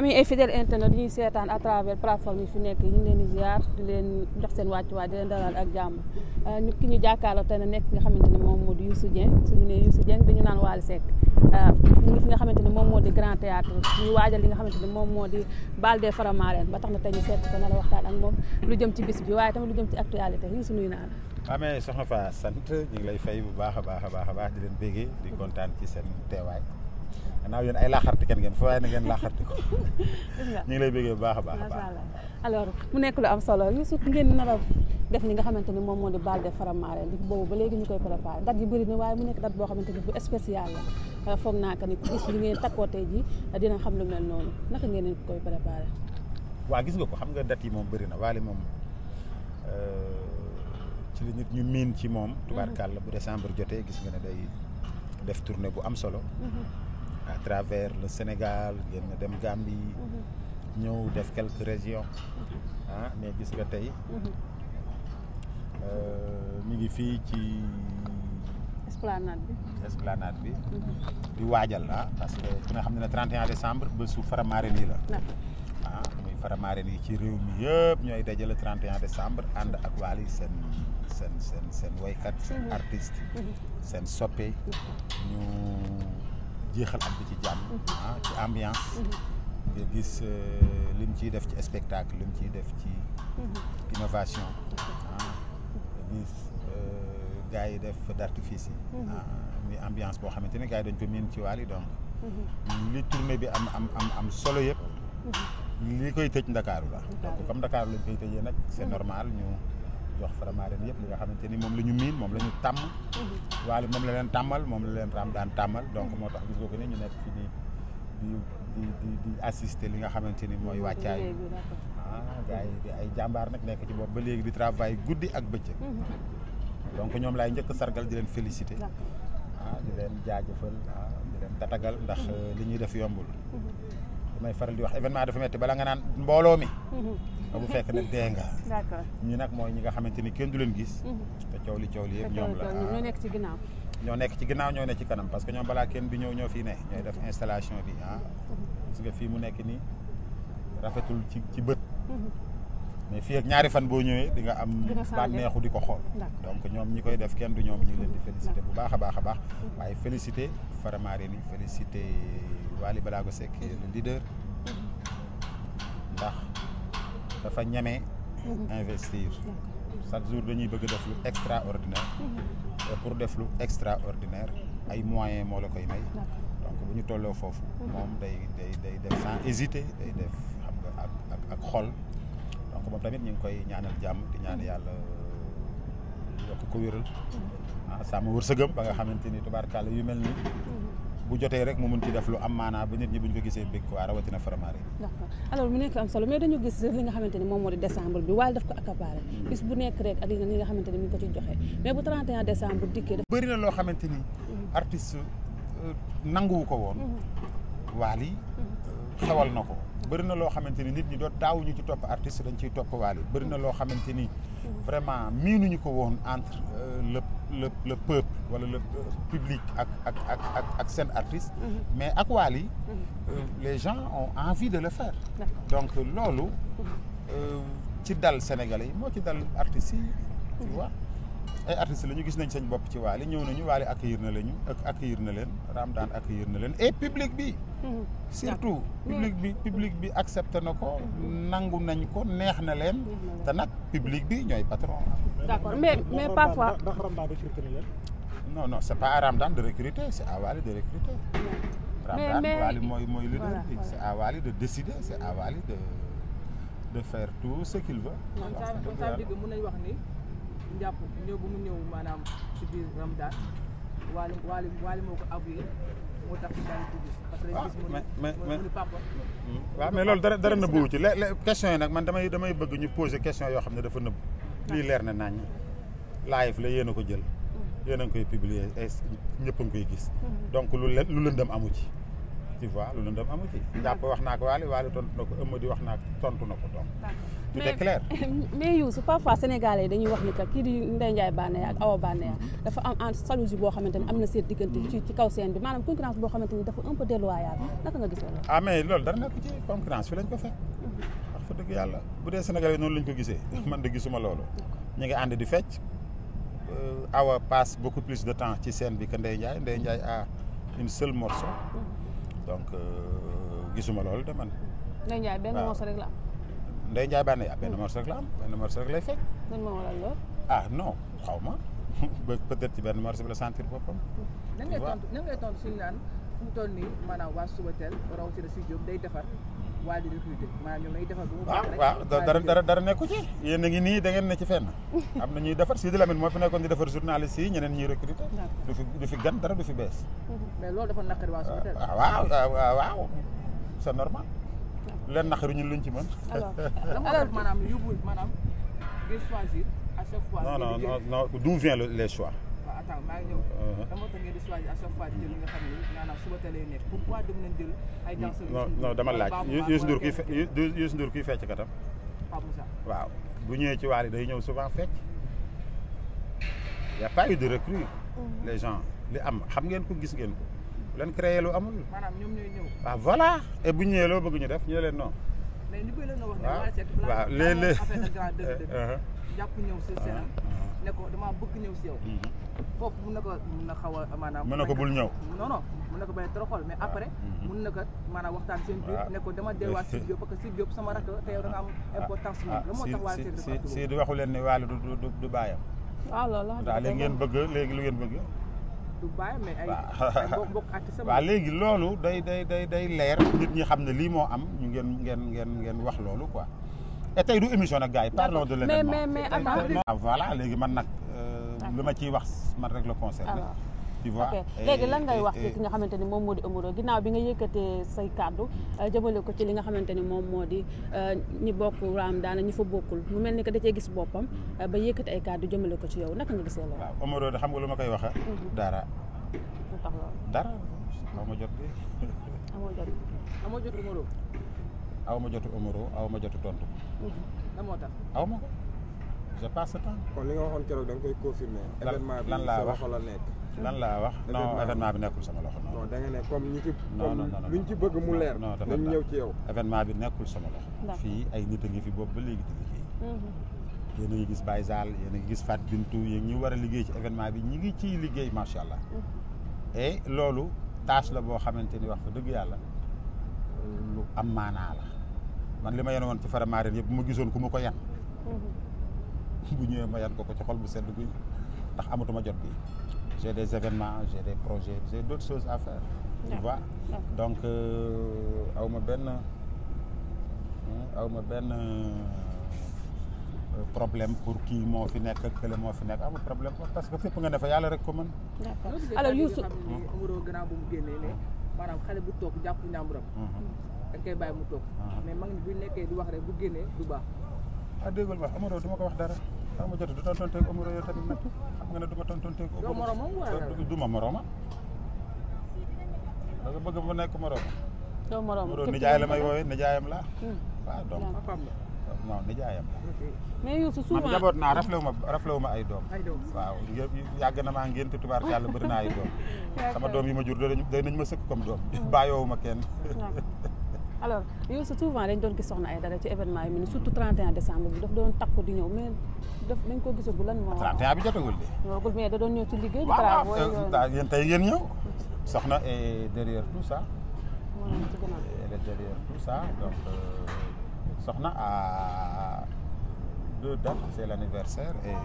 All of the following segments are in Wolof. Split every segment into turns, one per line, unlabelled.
ami ay fidèle internet ñuy seetaan à travers plateforme yi fi nekk ñu ngi leen di ziar di leen jox seen wàccuwaay di leen dalal ak jàmm euh, ñu ki ñu jàkkaarloo tey nekk nga xamante ne moom moo di Youssou Dieng suñu nee Youssou Dieng dañu naan Wally euh, nga xamante ne moom moo di grand théâtre ñu waajal li nga xamante ne moom moo di bal des Faramareen ba tax na tey ñu seet ko na la waxtaan ak moom lu jëm ci bis bi waaye tamit lu jëm ci actualité Youssou nuyu naa
la amee soxna fa sant ñu lay fay bu baax a baax a baax a baax di leen bégee di kontaan ci seen teewaay gannaaw yéen ay laaxarti kenn ngeen fa waaye na ngeen laaxarti ko ñu lay bëggee bu baax a baax
alors mu nekk lu am solo ñu sut ngeen nar a def li nga xamante ni moom moom di bal de Faramaren di boobu ba léegi ñu koy préparé date yu bëri na waaye mu nekk date boo xamante ni bu spécial la euh, naa que ni gis li ngeen takkootee ji dina xam lu mel noonu naka ngeen ne koy préparé
waaw gis nga ko xam nga date yi moom bëri na waale moom euh, ci li nit ñu miin ci moom mm-hmm. tubaarkàlla bu décembre jotee gis nga ne day def tournée bu am solo
mm-hmm.
à travers le Sénégal génn dem Gambie. Mhm. ñëw def quelques régions. Mhm. ah mais gis nga tey. ñu mhm. euh, ngi fii ci. esplanade bi. bi. di waajal la ah, parce que ku nga xam ne 31 décembre su Faramaren yi la. ah muy Faramaren yi ci réew mi yëpp ñooy dajale 31 décembre ànd ak Wally seen seen seen seen woykat seen artiste. seen soppe ñu jeexal at bi ci jàmm ah ci ambiance nga gis euh, lim ciy def ci spectacle lim ciy def ci innovation ah nga gis euh, gars yi def d' artifice yi ah, muy ambiance boo xamante ne gars yi dañ ko miin ci Wally donc li tournée bi am am am am solo yëpp li koy tëj Ndakaaru la donc comme Ndakaaru lañ koy tëjee nag c' est mhm. normal ñu jox leen yëpp li nga xamante ni moom la ñu miin moom la ñu tàmm mhm. waali moom la leen tàmmal moom la leen raam daan tàmmal donc moo tax gis nga ko ñu nekk fi di di di di di assister li nga xamante ni mooy wàccaay
ah gars yi di ay
jàmbaar nag nekk ci bopp ba léegi di travail guddi ak bëccëg mhm. donc ñoom laay njëkk sargal di leen féliciter ah di leen jaajëfal ah, di leen tatagal ndax mhm. li ñuy def yombul damay faral di wax événement dafa metti bala nga naan mbooloo mi ba mu fekk nag dee nga. d'accord ñi nag mooy ñi nga xamante ni kenn du leen gis. Mhm. te coow li coow li yëpp ñoom la ñoo nekk ci ginnaaw. ñoo nekk ci ginnaaw ñoo ne ci kanam parce que ñoom balaa kenn bi ñëw ñoo fii ne ñooy def installation bi ah. Mhm. gis nga fii mu nekk nii rafetul ci ci bët. Mhm. mais fii ak ñaari fan boo ñëwee di nga am neexu di ko xool donc ñoom ñi koy def kenn du ñoom ñu ngi leen di félicité bu baax a baax a baax waaye félicité Faramareen yi félicité waali balaa ko le leader ndax dafa ñeme mhm. investir chaque jour dañuy bëgg def lu extraordinaire mhm. et pour def lu extraordinaire ay moyen moo la koy may donc bu ñu tolloo foofu mhm. moom day day day def sans hésiter day def xam nga ak ak xol donc moom tamit ñu ngi koy ñaanal jàmm di ñaan yàlla yokk ko wéral ah sàmm wërsëgam ba nga xamante ni tubaarkàlla yu mel nii bu jotee rek mu mun ci def lu am maanaa ba nit ñi buñ ko gisee bég ko rawatina faramaare yi
alors mu nekk am solo mais dañu gis li nga xamante ni moom moo di décembre bi waaye daf ko accaparé bis bu nekk rek ak li nga xamante ni mi ngi ko euh, woon joxe mhm. yi bu
na ko xewal na ko bëri na loo xamante ni nit ñi doo taawuñu ci topp artiste dañ ciy topp waali bëri na loo xamante ni mhm. vraiment miinuñu ko woon entre euh, lépp le le peuple wala le euh, public ak ak ak ak ak seen artiste mhm. mais ak Wally
euh, mhm.
les gens ont envie de le faire donc loolu mhm. euh, ci dal sénégalais yi moo ci dal artistes yi ay artistes la ñu gis nañ seen bopp ci Wally ñëw nañu Wally accueillir na lañu ak accueillir na leen Ramadane accueillir na leen et public bi mm-hmm. surtout public bi mm-hmm. public bi accepté na ko mm-hmm. nangu nañ ko neex na leen te nag public bi ñooy patron
d'accord mais mais parfois ndax Ramadane
à Ramadane de recruter c'est à mooy mooy à Wally de décider c'est à Wally de de
njàpp ñëw maanaam si biir Ramadan waali waali waali moo ko abuyé moo tax ñu daan tudd parce que gis
mu dara nëbbuwu ci le question yi nag man damay damay bëgg ñu poser question yoo xam ne dafa nëbb lii leer na nañ live la yéen a ko jël mm. yéen a koy publier ñëpp a ngi koy gis mm. donc lu lu lëndëm amu ci tu vois lu lëndëm amu wax naa ko waale waale tontu na ko ëmb di wax naa tontu na ko donc. tout est clair mais Youssou parfois
sénégalais dañuy wax ni que kii di Ndeye Ndiaye Banaya ak Awa Banaya mhm. dafa am en jalousie boo xamante ni am na seen diggante ci mhm. ci kaw seen bi maanaam concurrence boo xamante ni dafa un peu déloyale mhm. naka nga gisee loolu.
ah mais loolu dara nekk ci concurrence fi lañ ko fekk. wax fa dëgg yàlla bu dee sénégalais noonu lañ ko gisee. man de gisuma loolu. ñu ngi ànd di fecc. Euh, Awa passe beaucoup plus de temps ci scène bi que Ndeye Ndiaye Ndeye a une seule donc euh, gisuma loolu de man.
Ndeye Ndiaye benn morceau rek la am.
Ndeye Ndiaye bànn yaa benn ah, hmm. morceau rek la am benn morceau rek lay
fekk.
Ah, xaw ma peut ci benn morceau bi la sentir boppam.
nan ngay tontu nan ngay tontu suñu naan fu mu toll nii maanaam waa Subatel rawatina si Diop day defar. Ah, waaw waaw dara dara
dara nekku ci yéen a ngi nii da ngeen ne ci fenn am na ñuy defar Sidi Lamine moo fi nekkoon di defar journaliste yi ñeneen ñuy recruter du fi du fi gan dara du fi bees
mais loolu dafa naqari waa Sonatel ah, ah, waaw waaw
c'est normal leen naqari ñun luñ ci mën alors maanaam
yóbbu maanaam di choisir non non
non d'où vient les choix
waaw dissuader à li nga xam ne maanaam suba teel a nekk pourquoi dem nañ jël ay dama laaj Youssou Ndour kuy
Youssou Ndour kuy fecc katam waaw bu ñëwee ci waal yi day ñëw souvent fecc y a pas eu mm. les gens li am xam ngeen ko gis ngeen ko leen créé lu amul.
maanaam ñoom ah, voilà
et bu ñu ñëwee loo bëgg ñu def ñu ne leen non.
mais ñu waaw waaw léeg-léeg
affaire
ne damaa bëgg ñëw si yow. Mhm. foofu mun na ko mun na xaw a maanaam. mun na ko bul ñëw non non mun na ko bañ a mais après. Mhm. mun na ko maanaam waxtaan seen biir. Ah. ne ko dama delluwaat si Diop parce sama rakk te yow da am ah. importance. moom la moo tax waa ah. Sèye si
si waxu leen ne waaye du du du bàyyam.
waaw loolu la daal ngeen
bëgg léegi lu ngeen bëgg.
du bàyyi mais ay ay mbokk mbokk sama. waaw
léegi loolu day day day day leer nit ñi xam ne lii moo am ñu ngeen ngeen ngeen ngeen wax loolu quoi et tey du émission nag gars yi parlons de l'événement mais mais mais ah, voilà léegi man nag euh, lu ma ciy wax man rek la concerné tu vois ngay wax ci nga
xamante ni moom moo di Omaro ginnaaw bi nga yëkkatee say kàddu euh, jëmale ko ci li nga xamante ni moom moo di euh, ñi bokk raam daana ñi fa bokkul mu mel ni que da cee gis boppam ba yëkkati ay kàddu jëmale ko ci yow naka nga gisee loolu. waaw
Omaro de xam nga lu ma koy waxe mhm. dara. dara. xaw ma jot de.
amoo jot amoo jot Omaro.
aw ma jotu amoro aw ma jotu tontu. lan moo aw ma ko je passe temps. kon li da nga koy confirmer. événement bi sa loxo la nekk
lan laa wax non
événement bi nekkul sama loxo. non da nga ne comme ci. bëgg mu leer. non dañ ñëw ci yow. événement bi nekkul sama loxo. fii ay nit a ngi fi boobu ba léegi di
liggéey. Mhm.
yéen a ngi gis Baye Sall yéen a ngi gis Fat Bintu yéen ñi war a liggéey ci événement bi ñi ngi ciy liggéey macha allah. Mhm. loolu tâche la boo xamante ni wax fa dëgg yàlla lu am maanaa la. man li ma yan woon ci faramaareen yëpp bu ma gisoon ku ma ko yan
mhm.
bu ñëwee ma yan ko ko ci xol bu sedd guy ndax amatuma jot bi j'ai des événements j'ai des projet j'ai d'autres choses à donc euh, aw ma benn aw benn euh, problème pour kii moo fi nekk ak kële moo fi nekk amul problème parce que fépp nga ne fa yàlla rek ko man d'accord alors
da nga koy bàyyi mu toog. Ah.
mais mag ñi bu nekkee di wax rek bu génnee du baax. ah déggul baax Amadou du ma ko wax dara xam nga jot du tontonteeg Amadou yow tamit nag xam nga ne du ma tontonteeg. doo moromam wala du ma moroma. da nga bëgg mu nekk moroma.
doo moroma Amadou nijaay la may woowee
nijaayam la hmm. waaw doom non nijaayam la. mais yow su souvent man jaboot naa rafetlu ma rafetlu ma ay doom. ay doom waaw yàgg na maa ngénte tubaar yàlla bëri naa ay doom. sama doom yi ma jur doy nañ ma sëkk comme doom. Hmm. bàyyoowu ma kenn.
alors yooyu
sa souvent dañ doon gis soxna ay dara ci événement yi mu ne surtout 31 décembre bi daf doon takku di ñëw mais daf dañ ko gisagul lan moo. 31 bi jotagul de. ñëwagul mais da
euh, tey yéen ñëw. soxna est derrière tout ça. elle est derrière tout ça donc euh, soxna a deux dates c'est l'anniversaire et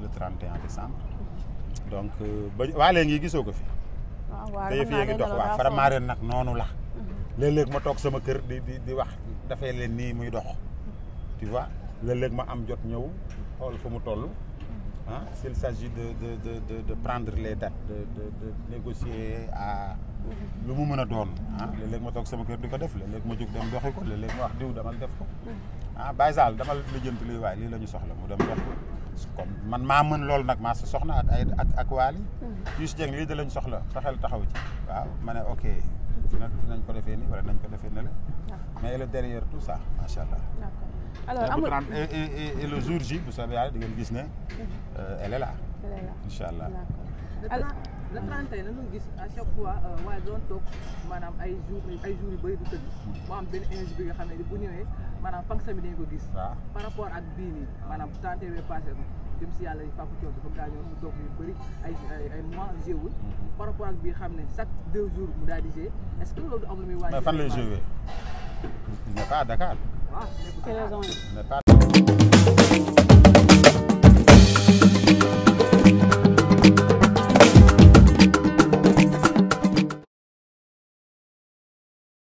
le 31 décembre. donc euh, ba waa léegi gisoo ko fi. waaw waaw xam naa dox waa Faramareen nag noonu la. léeg-léeg ma toog sama kër di di di wax dafay leen nii muy dox tu vois léeg-léeg ma am jot ñëw xool fa mu toll ah s'il s'agit de de de de de prendre les dates de de lu mu mën a doon ah léeg-léeg ma toog sama kër di ko def léeg-léeg ma jóg dem doxi ko léeg ma wax diw demal def ko ah Baye Sall demal lijjanti luy waay lii la ñu soxla mu dem dox ko comme man maa mën loolu nag maa sa soxna ak ay ak ak waali mm-hmm. Youssou Dieng lii lañ soxla sa xel taxaw ci waaw ma ne ok dinañ ko defee nii wala nañ ko defee nële. mais le derrière tout ça macha allah.
alors amul et le
jour J bu soobee yàlla di ngeen gis ne. Euh, elle est là. elle est là incha allah.
alors le 31 dañu gis à chaque fois euh, waaye doon toog maanaam ay jour ay jours yu bëri du tëdd. mu hmm. am benn énergie bi nga xam ne bu ñëwee maanaam fan sami dañ ko gis. par rapport ak bii nii maanaam bu 31 passé ko. dem si yàlla Papa Thion dafa gaañoon mu toog ay ay mois mhm. par rapport ak bi xam ne chaque deux jours mu daal est ce que loolu am lu muy waaj mais fan lay joué
il n'est pas à Dakar